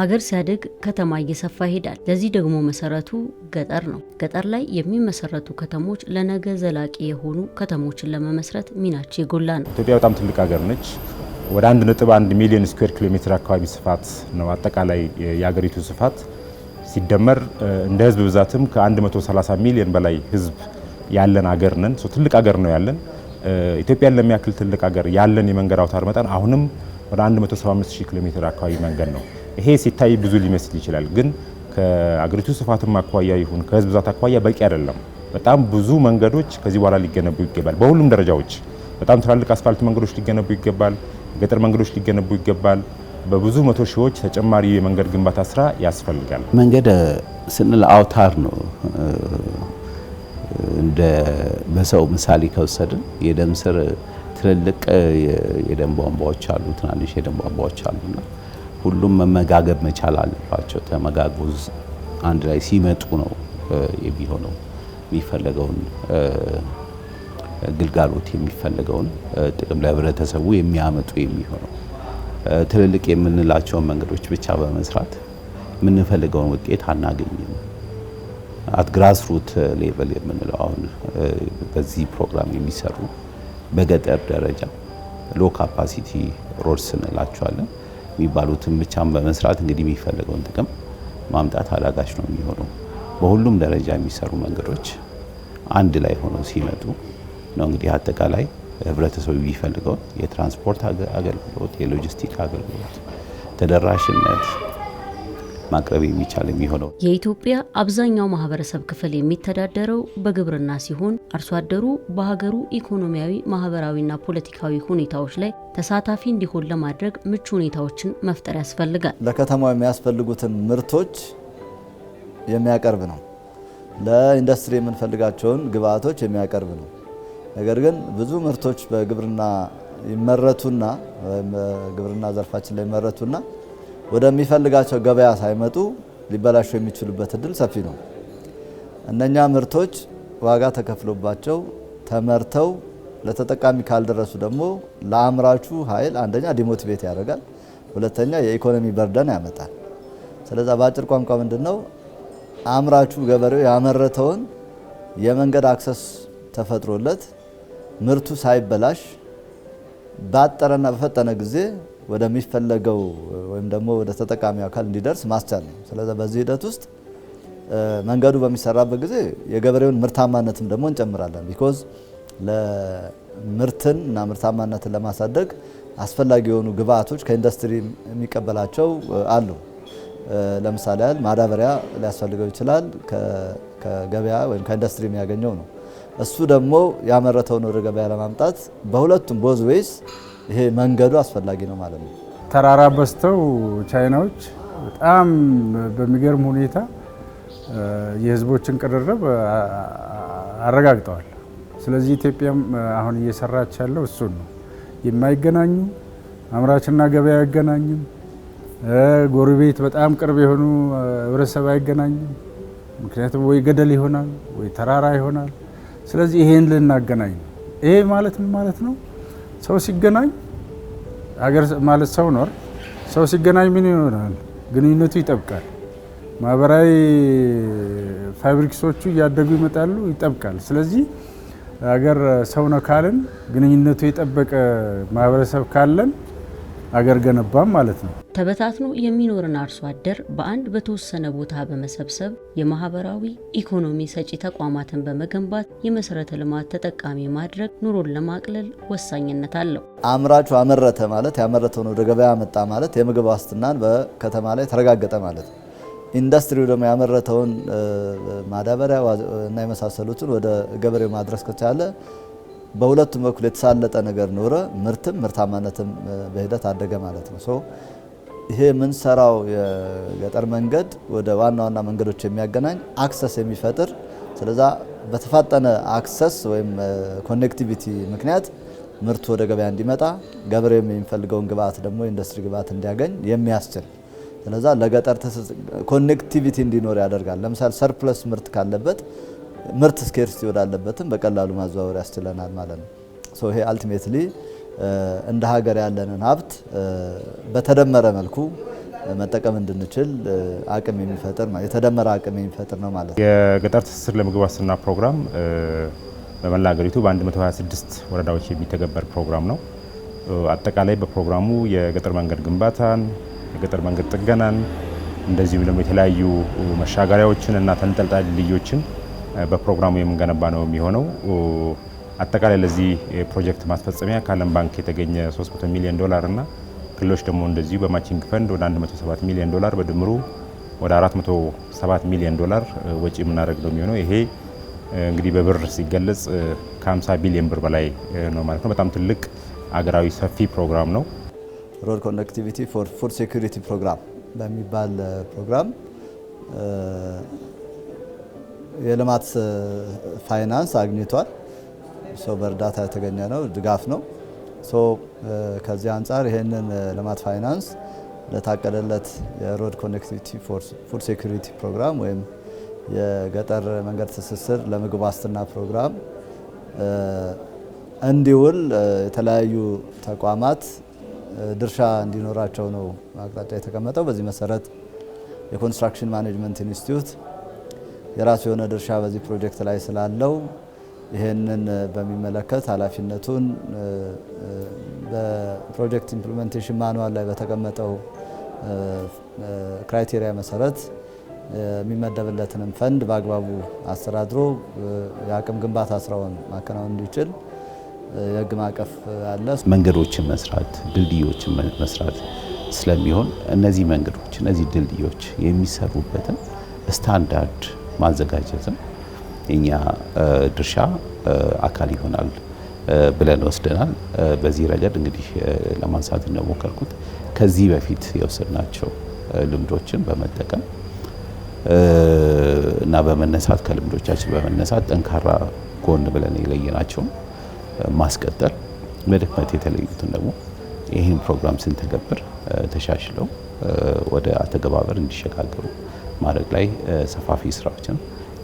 ሀገር ሲያድግ ከተማ እየሰፋ ይሄዳል። ለዚህ ደግሞ መሰረቱ ገጠር ነው። ገጠር ላይ የሚመሰረቱ ከተሞች ለነገ ዘላቂ የሆኑ ከተሞችን ለመመስረት ሚናቸው የጎላ ነው። ኢትዮጵያ በጣም ትልቅ ሀገር ነች። ወደ 1.1 ሚሊዮን ስኩዌር ኪሎ ሜትር አካባቢ ስፋት ነው አጠቃላይ የሀገሪቱ ስፋት ሲደመር እንደ ህዝብ ብዛትም ከ130 ሚሊዮን በላይ ህዝብ ያለን ሀገር ነን። ትልቅ ሀገር ነው ያለን። ኢትዮጵያን ለሚያክል ትልቅ ሀገር ያለን የመንገድ አውታር መጠን አሁንም ወደ 175 ኪሎ ሜትር አካባቢ መንገድ ነው። ይሄ ሲታይ ብዙ ሊመስል ይችላል፣ ግን ከአገሪቱ ስፋትም አኳያ ይሁን ከህዝብ ብዛት አኳያ በቂ አይደለም። በጣም ብዙ መንገዶች ከዚህ በኋላ ሊገነቡ ይገባል። በሁሉም ደረጃዎች በጣም ትላልቅ አስፋልት መንገዶች ሊገነቡ ይገባል። ገጠር መንገዶች ሊገነቡ ይገባል። በብዙ መቶ ሺዎች ተጨማሪ የመንገድ ግንባታ ስራ ያስፈልጋል። መንገድ ስንል አውታር ነው። እንደ በሰው ምሳሌ ከወሰድን የደም ስር ትልልቅ የደም ቧንቧዎች አሉ፣ ትናንሽ የደም ቧንቧዎች አሉና ሁሉም መመጋገብ መቻል አለባቸው። ተመጋግቦ አንድ ላይ ሲመጡ ነው የሚሆነው የሚፈለገውን ግልጋሎት የሚፈለገውን ጥቅም ለህብረተሰቡ የሚያመጡ የሚሆነው ትልልቅ የምንላቸውን መንገዶች ብቻ በመስራት የምንፈልገውን ውጤት አናገኝም። አት ግራስሩት ሌቨል የምንለው አሁን በዚህ ፕሮግራም የሚሰሩ በገጠር ደረጃ ሎ ካፓሲቲ ሮድስ እንላቸዋለን። የሚባሉትን ብቻም በመስራት እንግዲህ የሚፈልገውን ጥቅም ማምጣት አዳጋች ነው የሚሆነው። በሁሉም ደረጃ የሚሰሩ መንገዶች አንድ ላይ ሆነው ሲመጡ ነው እንግዲህ አጠቃላይ ህብረተሰቡ የሚፈልገውን የትራንስፖርት አገልግሎት፣ የሎጂስቲክ አገልግሎት ተደራሽነት ማቅረብ የሚቻል የሚሆነው። የኢትዮጵያ አብዛኛው ማህበረሰብ ክፍል የሚተዳደረው በግብርና ሲሆን አርሶ አደሩ በሀገሩ ኢኮኖሚያዊ፣ ማህበራዊና ፖለቲካዊ ሁኔታዎች ላይ ተሳታፊ እንዲሆን ለማድረግ ምቹ ሁኔታዎችን መፍጠር ያስፈልጋል። ለከተማው የሚያስፈልጉትን ምርቶች የሚያቀርብ ነው። ለኢንዱስትሪ የምንፈልጋቸውን ግብአቶች የሚያቀርብ ነው። ነገር ግን ብዙ ምርቶች በግብርና ይመረቱና ግብርና ዘርፋችን ላይ ይመረቱና ወደሚፈልጋቸው ገበያ ሳይመጡ ሊበላሹ የሚችሉበት እድል ሰፊ ነው። እነኛ ምርቶች ዋጋ ተከፍሎባቸው ተመርተው ለተጠቃሚ ካልደረሱ ደግሞ ለአምራቹ ኃይል አንደኛ ዲሞቲቬት ያደርጋል፣ ሁለተኛ የኢኮኖሚ በርደን ያመጣል። ስለዛ በአጭር ቋንቋ ምንድን ነው አምራቹ ገበሬው ያመረተውን የመንገድ አክሰስ ተፈጥሮለት ምርቱ ሳይበላሽ ባጠረና በፈጠነ ጊዜ ወደሚፈለገው ወይም ደግሞ ወደ ተጠቃሚ አካል እንዲደርስ ማስቻል ነው። ስለዚህ በዚህ ሂደት ውስጥ መንገዱ በሚሰራበት ጊዜ የገበሬውን ምርታማነትም ደግሞ እንጨምራለን። ቢኮዝ ለምርትን እና ምርታማነትን ለማሳደግ አስፈላጊ የሆኑ ግብአቶች ከኢንዱስትሪ የሚቀበላቸው አሉ። ለምሳሌ ያህል ማዳበሪያ ሊያስፈልገው ይችላል። ከገበያ ወይም ከኢንዱስትሪ የሚያገኘው ነው። እሱ ደግሞ ያመረተውን ወደ ገበያ ለማምጣት በሁለቱም ቦዝ ዌይስ ይሄ መንገዱ አስፈላጊ ነው ማለት ነው። ተራራ በስተው ቻይናዎች በጣም በሚገርም ሁኔታ የህዝቦችን ቅርርብ አረጋግጠዋል። ስለዚህ ኢትዮጵያም አሁን እየሰራች ያለው እሱን ነው። የማይገናኙ አምራችና ገበያ አይገናኝም። ጎረቤት በጣም ቅርብ የሆኑ ህብረተሰብ አይገናኝም። ምክንያቱም ወይ ገደል ይሆናል ወይ ተራራ ይሆናል። ስለዚህ ይሄን ልናገናኝ ነው። ይሄ ማለት ምን ማለት ነው? ሰው ሲገናኝ አገር ማለት ሰው ኖር ሰው ሲገናኝ ምን ይሆናል? ግንኙነቱ ይጠብቃል። ማህበራዊ ፋብሪክሶቹ እያደጉ ይመጣሉ፣ ይጠብቃል። ስለዚህ አገር ሰው ነው ካልን ግንኙነቱ የጠበቀ ማህበረሰብ ካለን አገር ገነባም ማለት ነው። ተበታትኖ የሚኖርን አርሶ አደር በአንድ በተወሰነ ቦታ በመሰብሰብ የማህበራዊ ኢኮኖሚ ሰጪ ተቋማትን በመገንባት የመሰረተ ልማት ተጠቃሚ ማድረግ ኑሮን ለማቅለል ወሳኝነት አለው። አምራቹ አመረተ ማለት ያመረተውን ወደ ገበያ መጣ ማለት የምግብ ዋስትናን በከተማ ላይ ተረጋገጠ ማለት ነው። ኢንዱስትሪው ደግሞ ያመረተውን ማዳበሪያ እና የመሳሰሉትን ወደ ገበሬው ማድረስ ከቻለ በሁለቱም በኩል የተሳለጠ ነገር ኖረ፣ ምርትም ምርታማነትም በሂደት አደገ ማለት ነው። ይሄ የምንሰራው የገጠር መንገድ ወደ ዋና ዋና መንገዶች የሚያገናኝ አክሰስ የሚፈጥር ስለዛ በተፋጠነ አክሰስ ወይም ኮኔክቲቪቲ ምክንያት ምርቱ ወደ ገበያ እንዲመጣ ገበሬው የሚፈልገውን ግብአት ደግሞ ኢንዱስትሪ ግብአት እንዲያገኝ የሚያስችል ስለዛ ለገጠር ኮኔክቲቪቲ እንዲኖር ያደርጋል። ለምሳሌ ሰርፕለስ ምርት ካለበት ምርት ስኬርስቲ ወዳለበትም በቀላሉ ማዘዋወር ያስችለናል ማለት ነው። ይሄ አልቲሜትሊ እንደ ሀገር ያለንን ሀብት በተደመረ መልኩ መጠቀም እንድንችል አቅም የሚፈጥር የተደመረ አቅም የሚፈጥር ነው ማለት ነው። የገጠር ትስስር ለምግብ ዋስትና ፕሮግራም በመላ ሀገሪቱ በ126 ወረዳዎች የሚተገበር ፕሮግራም ነው። አጠቃላይ በፕሮግራሙ የገጠር መንገድ ግንባታን፣ የገጠር መንገድ ጥገናን እንደዚሁም ደግሞ የተለያዩ መሻገሪያዎችን እና ተንጠልጣይ ድልድዮችን በፕሮግራሙ የምንገነባ ነው የሚሆነው። አጠቃላይ ለዚህ ፕሮጀክት ማስፈጸሚያ ከዓለም ባንክ የተገኘ 300 ሚሊዮን ዶላር እና ክልሎች ደግሞ እንደዚሁ በማቺንግ ፈንድ ወደ 107 ሚሊዮን ዶላር በድምሩ ወደ 407 ሚሊዮን ዶላር ወጪ የምናደርግ ነው የሚሆነው። ይሄ እንግዲህ በብር ሲገለጽ ከ50 ቢሊዮን ብር በላይ ነው ማለት ነው። በጣም ትልቅ አገራዊ ሰፊ ፕሮግራም ነው። ሮድ ኮኔክቲቪቲ ፎር ፉድ ሴኩሪቲ ፕሮግራም በሚባል ፕሮግራም የልማት ፋይናንስ አግኝቷል። ሰው በእርዳታ የተገኘ ነው፣ ድጋፍ ነው። ከዚህ አንጻር ይህንን ልማት ፋይናንስ ለታቀደለት የሮድ ኮኔክቲቪቲ ፉድ ሴኩሪቲ ፕሮግራም ወይም የገጠር መንገድ ትስስር ለምግብ ዋስትና ፕሮግራም እንዲውል የተለያዩ ተቋማት ድርሻ እንዲኖራቸው ነው አቅጣጫ የተቀመጠው። በዚህ መሰረት የኮንስትራክሽን ማኔጅመንት ኢንስቲትዩት የራሱ የሆነ ድርሻ በዚህ ፕሮጀክት ላይ ስላለው ይህንን በሚመለከት ኃላፊነቱን በፕሮጀክት ኢምፕሊሜንቴሽን ማኑዋል ላይ በተቀመጠው ክራይቴሪያ መሰረት የሚመደብለትንም ፈንድ በአግባቡ አስተዳድሮ የአቅም ግንባታ ስራውን ማከናወን እንዲችል የህግ ማዕቀፍ አለ። መንገዶችን መስራት፣ ድልድዮችን መስራት ስለሚሆን እነዚህ መንገዶች፣ እነዚህ ድልድዮች የሚሰሩበትን ስታንዳርድ ማዘጋጀትም የኛ ድርሻ አካል ይሆናል ብለን ወስደናል። በዚህ ረገድ እንግዲህ ለማንሳት እንደሞከርኩት ከዚህ በፊት የወሰድናቸው ልምዶችን በመጠቀም እና በመነሳት ከልምዶቻችን በመነሳት ጠንካራ ጎን ብለን የለየናቸውን ማስቀጠል፣ በድክመት የተለዩትን ደግሞ ይህን ፕሮግራም ስንተገብር ተሻሽለው ወደ አተገባበር እንዲሸጋገሩ ማድረግ ላይ ሰፋፊ ስራዎችን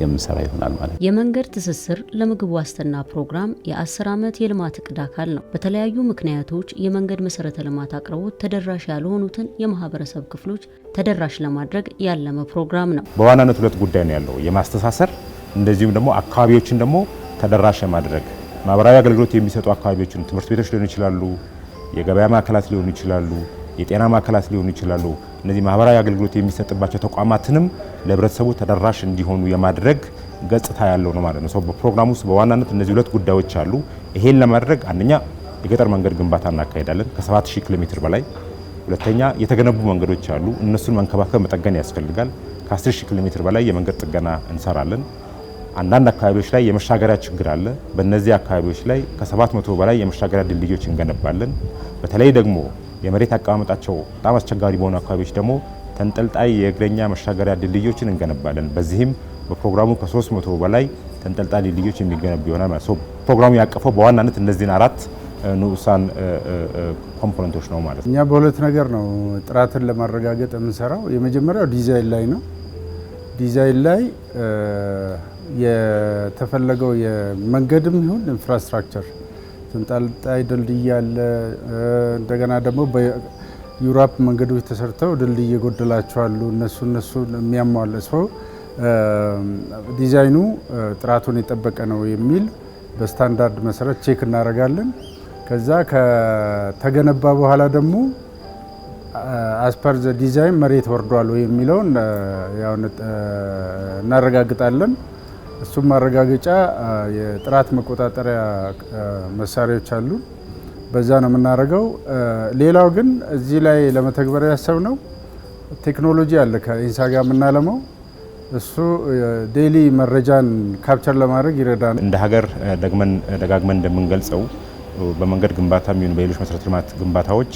የምንሰራ ይሆናል ማለት ነው። የመንገድ ትስስር ለምግብ ዋስትና ፕሮግራም የአስር ዓመት የልማት እቅድ አካል ነው። በተለያዩ ምክንያቶች የመንገድ መሰረተ ልማት አቅርቦት ተደራሽ ያልሆኑትን የማህበረሰብ ክፍሎች ተደራሽ ለማድረግ ያለመ ፕሮግራም ነው። በዋናነት ሁለት ጉዳይ ነው ያለው፣ የማስተሳሰር እንደዚሁም ደግሞ አካባቢዎችን ደግሞ ተደራሽ የማድረግ ማህበራዊ አገልግሎት የሚሰጡ አካባቢዎችን ትምህርት ቤቶች ሊሆኑ ይችላሉ፣ የገበያ ማዕከላት ሊሆኑ ይችላሉ፣ የጤና ማዕከላት ሊሆኑ ይችላሉ እነዚህ ማህበራዊ አገልግሎት የሚሰጥባቸው ተቋማትንም ለህብረተሰቡ ተደራሽ እንዲሆኑ የማድረግ ገጽታ ያለው ነው ማለት ነው። በፕሮግራሙ በፕሮግራም ውስጥ በዋናነት እነዚህ ሁለት ጉዳዮች አሉ። ይሄን ለማድረግ አንደኛ የገጠር መንገድ ግንባታ እናካሄዳለን ከ7000 ኪሎ ሜትር በላይ። ሁለተኛ የተገነቡ መንገዶች አሉ። እነሱን መንከባከብ መጠገን ያስፈልጋል። ከ10000 ኪሎ ሜትር በላይ የመንገድ ጥገና እንሰራለን። አንዳንድ አካባቢዎች ላይ የመሻገሪያ ችግር አለ። በእነዚህ አካባቢዎች ላይ ከ700 በላይ የመሻገሪያ ድልድዮች እንገነባለን። በተለይ ደግሞ የመሬት አቀማመጣቸው በጣም አስቸጋሪ በሆኑ አካባቢዎች ደግሞ ተንጠልጣይ የእግረኛ መሻገሪያ ድልድዮችን እንገነባለን። በዚህም በፕሮግራሙ ከ300 በላይ ተንጠልጣይ ድልድዮች የሚገነቡ ይሆናል ማለት ነው። ፕሮግራሙ ያቀፈው በዋናነት እነዚህን አራት ንዑሳን ኮምፖነንቶች ነው ማለት ነው። እኛ በሁለት ነገር ነው ጥራትን ለማረጋገጥ የምንሰራው። የመጀመሪያው ዲዛይን ላይ ነው። ዲዛይን ላይ የተፈለገው የመንገድም ይሁን ኢንፍራስትራክቸር ተንጣልጣይ ድልድይ አለ። እንደገና ደግሞ በዩራፕ መንገዶች ተሰርተው ድልድይ ጎደላቸዋሉ እነሱ እነሱ የሚያሟለ ሰው ዲዛይኑ ጥራቱን የጠበቀ ነው የሚል በስታንዳርድ መሰረት ቼክ እናደርጋለን። ከዛ ከተገነባ በኋላ ደግሞ አስፐር ዘ ዲዛይን መሬት ወርዷል የሚለውን እናረጋግጣለን። እሱም ማረጋገጫ የጥራት መቆጣጠሪያ መሳሪያዎች አሉ። በዛ ነው የምናደርገው። ሌላው ግን እዚህ ላይ ለመተግበር ያሰብነው ቴክኖሎጂ አለ ከኢንሳ ጋር የምናለመው እሱ ዴይሊ መረጃን ካፕቸር ለማድረግ ይረዳናል። እንደ ሀገር ደጋግመን እንደምንገልጸው በመንገድ ግንባታ የሚሆኑ በሌሎች መሰረተ ልማት ግንባታዎች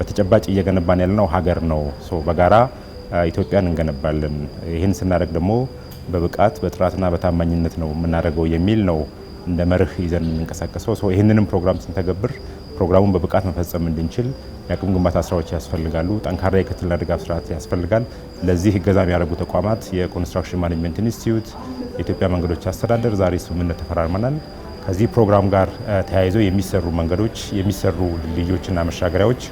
በተጨባጭ እየገነባን ያለነው ሀገር ነው። በጋራ ኢትዮጵያን እንገነባለን። ይህን ስናደርግ ደግሞ በብቃት በጥራትና በታማኝነት ነው የምናደርገው የሚል ነው እንደ መርህ ይዘን የምንንቀሳቀሰው። ሰው ይህንንም ፕሮግራም ስንተገብር ፕሮግራሙን በብቃት መፈጸም እንድንችል የአቅም ግንባታ ስራዎች ያስፈልጋሉ። ጠንካራ የክትትልና ድጋፍ ስርዓት ያስፈልጋል። ለዚህ እገዛ የሚያደርጉ ተቋማት የኮንስትራክሽን ማኔጅመንት ኢንስቲትዩት፣ የኢትዮጵያ መንገዶች አስተዳደር ዛሬ ስምምነት ተፈራርመናል። ከዚህ ፕሮግራም ጋር ተያይዘው የሚሰሩ መንገዶች፣ የሚሰሩ ድልድዮችና መሻገሪያዎች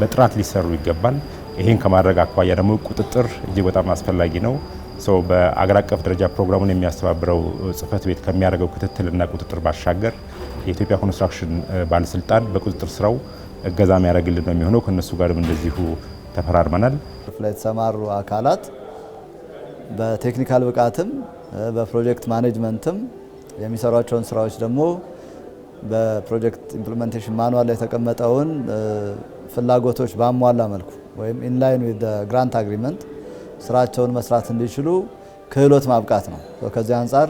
በጥራት ሊሰሩ ይገባል። ይህን ከማድረግ አኳያ ደግሞ ቁጥጥር እጅግ በጣም አስፈላጊ ነው። ሰው በአገር አቀፍ ደረጃ ፕሮግራሙን የሚያስተባብረው ጽህፈት ቤት ከሚያደርገው ክትትልና ቁጥጥር ባሻገር የኢትዮጵያ ኮንስትራክሽን ባለስልጣን በቁጥጥር ስራው እገዛ የሚያደርግልን ነው የሚሆነው። ከእነሱ ጋርም እንደዚሁ ተፈራርመናል። የተሰማሩ አካላት በቴክኒካል ብቃትም በፕሮጀክት ማኔጅመንትም የሚሰሯቸውን ስራዎች ደግሞ በፕሮጀክት ኢምፕሊሜንቴሽን ማኑዋል ላይ የተቀመጠውን ፍላጎቶች ባሟላ መልኩ ወይም ኢንላይን ዊዝ ግራንት አግሪመንት ስራቸውን መስራት እንዲችሉ ክህሎት ማብቃት ነው። ከዚህ አንጻር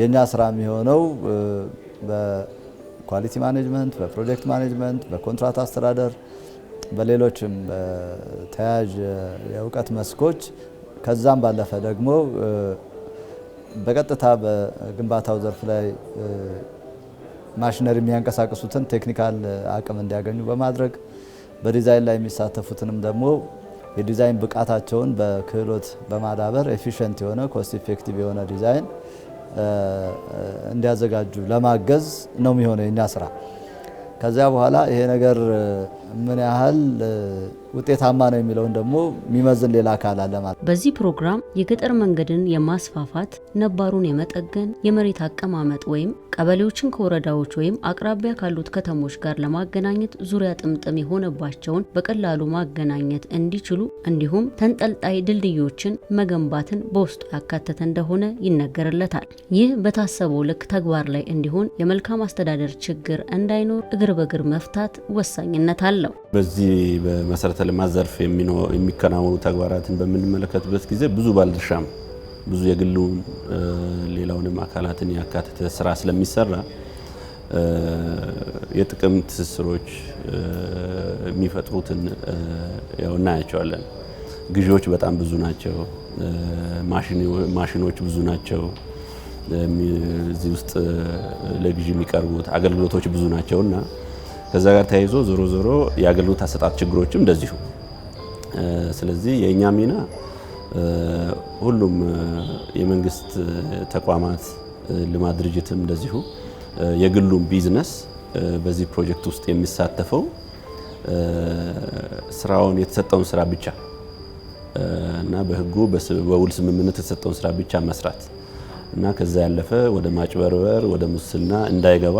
የእኛ ስራ የሚሆነው በኳሊቲ ማኔጅመንት፣ በፕሮጀክት ማኔጅመንት፣ በኮንትራት አስተዳደር፣ በሌሎችም በተያያዥ የእውቀት መስኮች ከዛም ባለፈ ደግሞ በቀጥታ በግንባታው ዘርፍ ላይ ማሽነሪ የሚያንቀሳቅሱትን ቴክኒካል አቅም እንዲያገኙ በማድረግ በዲዛይን ላይ የሚሳተፉትንም ደግሞ የዲዛይን ብቃታቸውን በክህሎት በማዳበር ኤፊሽንት የሆነ ኮስት ኢፌክቲቭ የሆነ ዲዛይን እንዲያዘጋጁ ለማገዝ ነው የሚሆነው የኛ ስራ። ከዚያ በኋላ ይሄ ነገር ምን ያህል ውጤታማ ነው የሚለውን ደግሞ የሚመዝን ሌላ አካል አለ ማለት። በዚህ ፕሮግራም የገጠር መንገድን የማስፋፋት ነባሩን የመጠገን የመሬት አቀማመጥ ወይም ቀበሌዎችን ከወረዳዎች ወይም አቅራቢያ ካሉት ከተሞች ጋር ለማገናኘት ዙሪያ ጥምጥም የሆነባቸውን በቀላሉ ማገናኘት እንዲችሉ እንዲሁም ተንጠልጣይ ድልድዮችን መገንባትን በውስጡ ያካተተ እንደሆነ ይነገርለታል። ይህ በታሰበው ልክ ተግባር ላይ እንዲሆን የመልካም አስተዳደር ችግር እንዳይኖር እግር በእግር መፍታት ወሳኝነት አለው። በዚህ በመሰረተ መሰረተ ልማት ዘርፍ የሚከናወኑ ተግባራትን በምንመለከትበት ጊዜ ብዙ ባልድርሻም ብዙ የግሉም ሌላውንም አካላትን ያካተተ ስራ ስለሚሰራ የጥቅም ትስስሮች የሚፈጥሩትን ያው እናያቸዋለን። ግዢዎች በጣም ብዙ ናቸው። ማሽኖች ብዙ ናቸው። እዚህ ውስጥ ለግዢ የሚቀርቡት አገልግሎቶች ብዙ ናቸው እና ከዛ ጋር ተያይዞ ዞሮ ዞሮ የአገልግሎት አሰጣጥ ችግሮችም እንደዚሁ። ስለዚህ የእኛ ሚና ሁሉም የመንግስት ተቋማት ልማት ድርጅትም እንደዚሁ የግሉም ቢዝነስ በዚህ ፕሮጀክት ውስጥ የሚሳተፈው ስራውን የተሰጠውን ስራ ብቻ እና በህጉ በውል ስምምነት የተሰጠውን ስራ ብቻ መስራት እና ከዛ ያለፈ ወደ ማጭበርበር ወደ ሙስና እንዳይገባ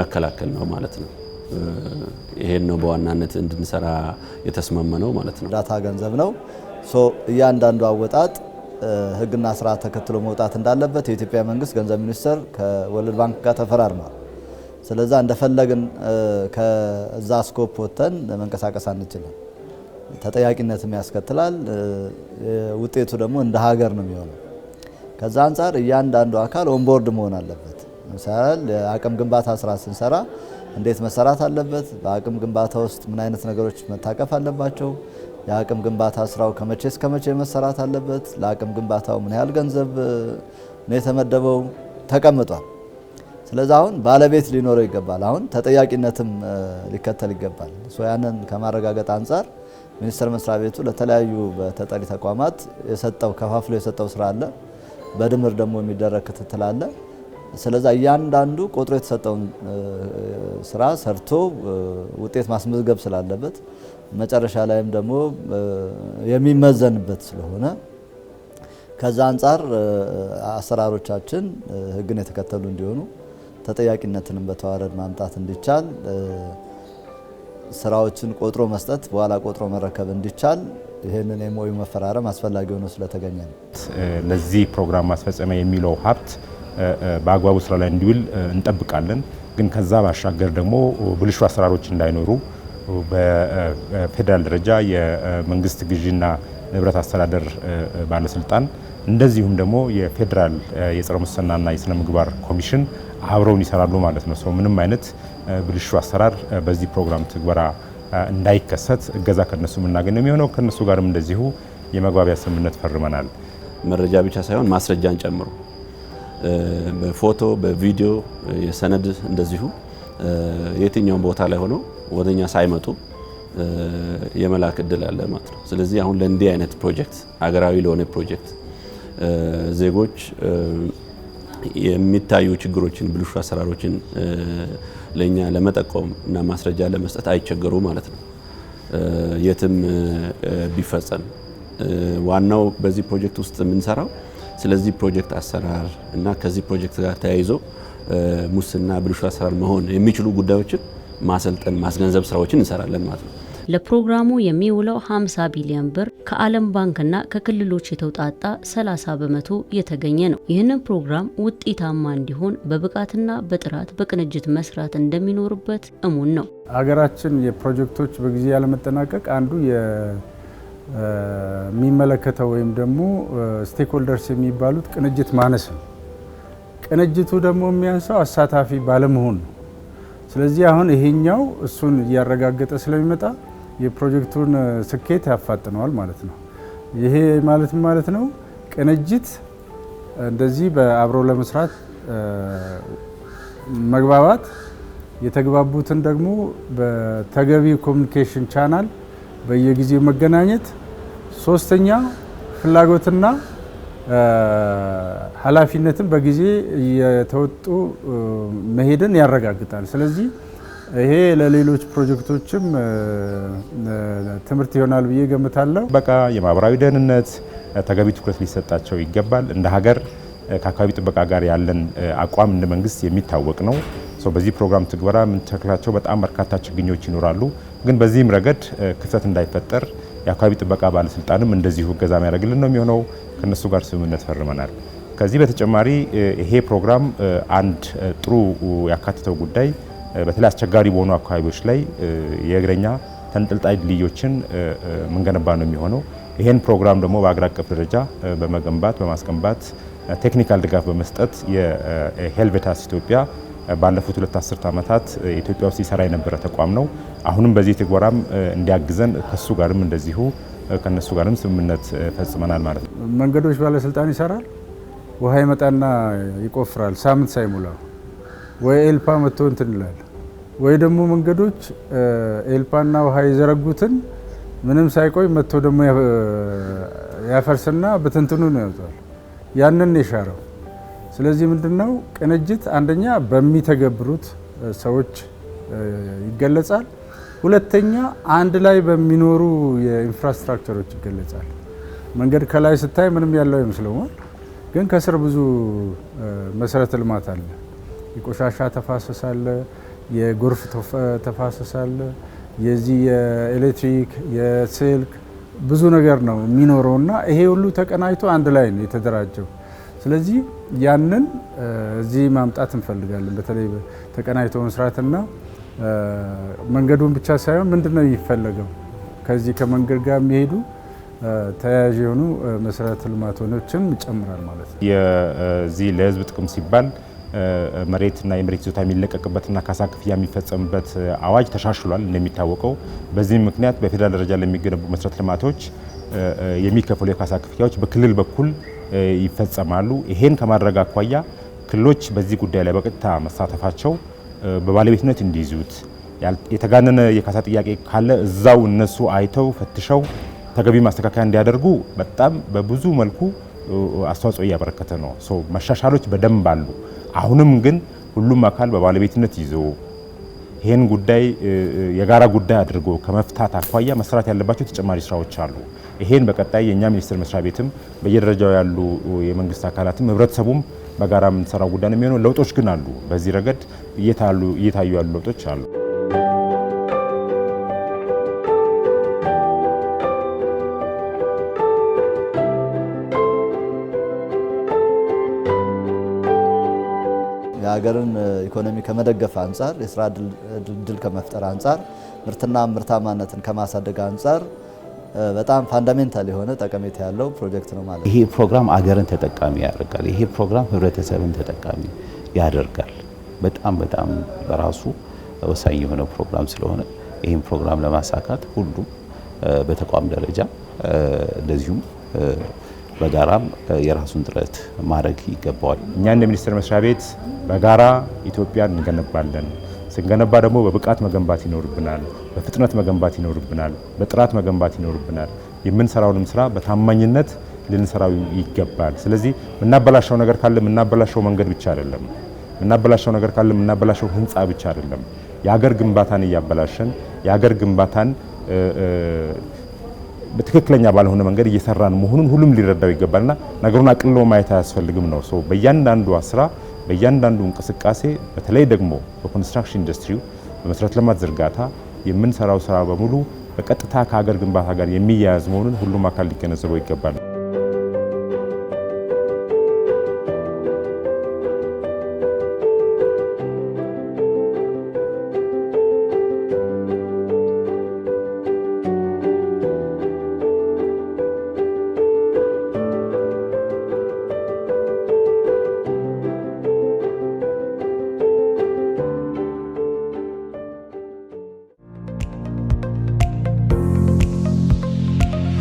መከላከል ነው ማለት ነው። ይሄን ነው በዋናነት እንድንሰራ ነው ማለት ነው። ዳታ ገንዘብ ነው። ሶ እያንዳንዱ አወጣጥ ህግና ስርዓት ተከትሎ መውጣት እንዳለበት የኢትዮጵያ መንግስት ገንዘብ ሚኒስቴር ከወርልድ ባንክ ጋር ተፈራርሟል። ስለዛ እንደፈለግን ከዛ ስኮፕ ወጥተን መንቀሳቀስ አንችልም። ተጠያቂነትም ያስከትላል። ውጤቱ ደግሞ እንደ ሀገር ነው የሚሆነው። ከዛ አንጻር እያንዳንዱ አካል ኦንቦርድ መሆን አለበት። ምሳሌ አቅም ግንባታ ስራ ስንሰራ እንዴት መሰራት አለበት፣ በአቅም ግንባታ ውስጥ ምን አይነት ነገሮች መታቀፍ አለባቸው፣ የአቅም ግንባታ ስራው ከመቼ እስከ መቼ መሰራት አለበት፣ ለአቅም ግንባታው ምን ያህል ገንዘብ ነው የተመደበው ተቀምጧል። ስለዚህ አሁን ባለቤት ሊኖረው ይገባል። አሁን ተጠያቂነትም ሊከተል ይገባል። ያንን ከማረጋገጥ አንጻር ሚኒስቴር መስሪያ ቤቱ ለተለያዩ በተጠሪ ተቋማት የሰጠው ከፋፍሎ የሰጠው ስራ አለ። በድምር ደግሞ የሚደረግ ክትትል አለ። ስለዛ እያንዳንዱ ቆጥሮ የተሰጠውን ስራ ሰርቶ ውጤት ማስመዝገብ ስላለበት መጨረሻ ላይም ደግሞ የሚመዘንበት ስለሆነ ከዛ አንጻር አሰራሮቻችን ህግን የተከተሉ እንዲሆኑ ተጠያቂነትንም በተዋረድ ማምጣት እንዲቻል ስራዎችን ቆጥሮ መስጠት በኋላ ቆጥሮ መረከብ እንዲቻል ይህንን የሞዩ መፈራረም አስፈላጊ ሆኖ ስለተገኘ ነው። ለዚህ ፕሮግራም ማስፈጸሚያ የሚለው ሀብት በአግባቡ ስራ ላይ እንዲውል እንጠብቃለን። ግን ከዛ ባሻገር ደግሞ ብልሹ አሰራሮች እንዳይኖሩ በፌዴራል ደረጃ የመንግስት ግዢና ንብረት አስተዳደር ባለስልጣን እንደዚሁም ደግሞ የፌዴራል የጸረ ሙስናና የስነ ምግባር ኮሚሽን አብረውን ይሰራሉ ማለት ነው። ሰው ምንም አይነት ብልሹ አሰራር በዚህ ፕሮግራም ትግበራ እንዳይከሰት እገዛ ከነሱ የምናገኝ የሚሆነው። ከነሱ ጋርም እንደዚሁ የመግባቢያ ስምምነት ፈርመናል። መረጃ ብቻ ሳይሆን ማስረጃን ጨምሮ በፎቶ በቪዲዮ የሰነድ እንደዚሁ የትኛውም ቦታ ላይ ሆነው ወደኛ ሳይመጡ የመላክ እድል አለ ማለት ነው። ስለዚህ አሁን ለእንዲህ አይነት ፕሮጀክት አገራዊ ለሆነ ፕሮጀክት ዜጎች የሚታዩ ችግሮችን፣ ብልሹ አሰራሮችን ለእኛ ለመጠቆም እና ማስረጃ ለመስጠት አይቸገሩ ማለት ነው። የትም ቢፈጸም ዋናው በዚህ ፕሮጀክት ውስጥ የምንሰራው ስለዚህ ፕሮጀክት አሰራር እና ከዚህ ፕሮጀክት ጋር ተያይዞ ሙስና፣ ብልሹ አሰራር መሆን የሚችሉ ጉዳዮችን ማሰልጠን፣ ማስገንዘብ ስራዎችን እንሰራለን ማለት ነው። ለፕሮግራሙ የሚውለው 50 ቢሊዮን ብር ከዓለም ባንክና ከክልሎች የተውጣጣ 30 በመቶ የተገኘ ነው። ይህንን ፕሮግራም ውጤታማ እንዲሆን በብቃትና በጥራት በቅንጅት መስራት እንደሚኖርበት እሙን ነው። አገራችን የፕሮጀክቶች በጊዜ ያለመጠናቀቅ አንዱ የሚመለከተው ወይም ደግሞ ስቴክሆልደርስ የሚባሉት ቅንጅት ማነስ ነው። ቅንጅቱ ደግሞ የሚያንሰው አሳታፊ ባለመሆን ነው። ስለዚህ አሁን ይሄኛው እሱን እያረጋገጠ ስለሚመጣ የፕሮጀክቱን ስኬት ያፋጥነዋል ማለት ነው። ይሄ ማለት ማለት ነው ቅንጅት እንደዚህ በአብሮ ለመስራት መግባባት የተግባቡትን ደግሞ በተገቢ ኮሚኒኬሽን ቻናል በየጊዜው መገናኘት፣ ሶስተኛ ፍላጎትና ኃላፊነትን በጊዜ እየተወጡ መሄድን ያረጋግጣል። ስለዚህ ይሄ ለሌሎች ፕሮጀክቶችም ትምህርት ይሆናል ብዬ ገምታለሁ። በቃ የማህበራዊ ደህንነት ተገቢ ትኩረት ሊሰጣቸው ይገባል። እንደ ሀገር ከአካባቢ ጥበቃ ጋር ያለን አቋም እንደ መንግስት የሚታወቅ ነው። በዚህ ፕሮግራም ትግበራ የምንተክላቸው በጣም በርካታ ችግኞች ይኖራሉ። ግን በዚህም ረገድ ክፍተት እንዳይፈጠር የአካባቢ ጥበቃ ባለስልጣንም እንደዚሁ እገዛ የሚያደርግልን ነው የሚሆነው። ከነሱ ጋር ስምምነት ፈርመናል። ከዚህ በተጨማሪ ይሄ ፕሮግራም አንድ ጥሩ ያካትተው ጉዳይ በተለይ አስቸጋሪ በሆኑ አካባቢዎች ላይ የእግረኛ ተንጠልጣይ ድልድዮችን ምንገነባ ነው የሚሆነው። ይህን ፕሮግራም ደግሞ በአገር አቀፍ ደረጃ በመገንባት በማስገንባት ቴክኒካል ድጋፍ በመስጠት የሄልቬታስ ኢትዮጵያ ባለፉት ሁለት አስርት ዓመታት ኢትዮጵያ ውስጥ ይሰራ የነበረ ተቋም ነው። አሁንም በዚህ ትግበራም እንዲያግዘን ከሱ ጋርም እንደዚሁ ከነሱ ጋርም ስምምነት ፈጽመናል ማለት ነው። መንገዶች ባለስልጣን ይሰራል። ውሃ ይመጣና ይቆፍራል። ሳምንት ሳይሞላው ወይ ኤልፓ መጥቶ እንትን ይላል፣ ወይ ደግሞ መንገዶች ኤልፓና ውሃ የዘረጉትን ምንም ሳይቆይ መጥቶ ደግሞ ያፈርስና ብትንትኑ ነው ያውጣል። ያንን የሻረው ስለዚህ ምንድነው ቅንጅት አንደኛ በሚተገብሩት ሰዎች ይገለጻል። ሁለተኛ አንድ ላይ በሚኖሩ የኢንፍራስትራክቸሮች ይገለጻል። መንገድ ከላይ ስታይ ምንም ያለው ይመስለዋል፣ ግን ከስር ብዙ መሰረተ ልማት አለ። የቆሻሻ ተፋሰስ አለ፣ የጎርፍ ተፋሰስ አለ፣ የዚህ የኤሌክትሪክ የስልክ ብዙ ነገር ነው የሚኖረው እና ይሄ ሁሉ ተቀናጅቶ አንድ ላይ ነው የተደራጀው። ስለዚህ ያንን እዚህ ማምጣት እንፈልጋለን። በተለይ ተቀናጅቶ መስራትና መንገዱን ብቻ ሳይሆን ምንድን ነው የሚፈለገው ከዚህ ከመንገድ ጋር የሚሄዱ ተያያዥ የሆኑ መሰረተ ልማቶችን ይጨምራል ማለት ነው። የዚህ ለህዝብ ጥቅም ሲባል መሬትና የመሬት ይዞታ የሚለቀቅበትና ካሳ ክፍያ የሚፈጸምበት አዋጅ ተሻሽሏል እንደሚታወቀው። በዚህም ምክንያት በፌዴራል ደረጃ ለሚገነቡ መሰረተ ልማቶች የሚከፈሉ የካሳ ክፍያዎች በክልል በኩል ይፈጸማሉ። ይሄን ከማድረግ አኳያ ክልሎች በዚህ ጉዳይ ላይ በቀጥታ መሳተፋቸው በባለቤትነት እንዲይዙት የተጋነነ የካሳ ጥያቄ ካለ እዛው እነሱ አይተው ፈትሸው ተገቢ ማስተካከያ እንዲያደርጉ በጣም በብዙ መልኩ አስተዋጽኦ እያበረከተ ነው። መሻሻሎች በደንብ አሉ። አሁንም ግን ሁሉም አካል በባለቤትነት ይዞ ይህን ጉዳይ የጋራ ጉዳይ አድርጎ ከመፍታት አኳያ መስራት ያለባቸው ተጨማሪ ስራዎች አሉ። ይሄን በቀጣይ የእኛ ሚኒስቴር መስሪያ ቤትም በየደረጃው ያሉ የመንግስት አካላትም ህብረተሰቡም በጋራ የምንሰራው ጉዳይ ነው የሚሆነው። ለውጦች ግን አሉ። በዚህ ረገድ እየታዩ ያሉ ለውጦች አሉ። የሀገርን ኢኮኖሚ ከመደገፍ አንጻር የስራ እድል ከመፍጠር አንጻር ምርትና ምርታማነትን ከማሳደግ አንጻር በጣም ፋንዳሜንታል የሆነ ጠቀሜታ ያለው ፕሮጀክት ነው ማለት ነው። ይሄ ፕሮግራም አገርን ተጠቃሚ ያደርጋል። ይሄ ፕሮግራም ህብረተሰብን ተጠቃሚ ያደርጋል። በጣም በጣም በራሱ ወሳኝ የሆነ ፕሮግራም ስለሆነ ይህም ፕሮግራም ለማሳካት ሁሉም በተቋም ደረጃ እንደዚሁም በጋራም የራሱን ጥረት ማድረግ ይገባዋል። እኛ እንደ ሚኒስቴር መስሪያ ቤት በጋራ ኢትዮጵያን እንገነባለን። ስንገነባ ደግሞ በብቃት መገንባት ይኖርብናል፣ በፍጥነት መገንባት ይኖርብናል፣ በጥራት መገንባት ይኖርብናል። የምንሰራውንም ስራ በታማኝነት ልንሰራው ይገባል። ስለዚህ የምናበላሻው ነገር ካለ የምናበላሸው መንገድ ብቻ አይደለም፣ የምናበላሻው ነገር ካለ የምናበላሸው ህንፃ ብቻ አይደለም። የሀገር ግንባታን እያበላሸን የሀገር ግንባታን በትክክለኛ ባልሆነ መንገድ እየሰራን መሆኑን ሁሉም ሊረዳው ይገባልና ነገሩን አቅልሎ ማየት አያስፈልግም ነው ሰው በእያንዳንዷ ስራ በእያንዳንዱ እንቅስቃሴ በተለይ ደግሞ በኮንስትራክሽን ኢንዱስትሪው በመሰረተ ልማት ዝርጋታ የምንሰራው ስራ በሙሉ በቀጥታ ከሀገር ግንባታ ጋር የሚያያዝ መሆኑን ሁሉም አካል ሊገነዘበው ይገባል።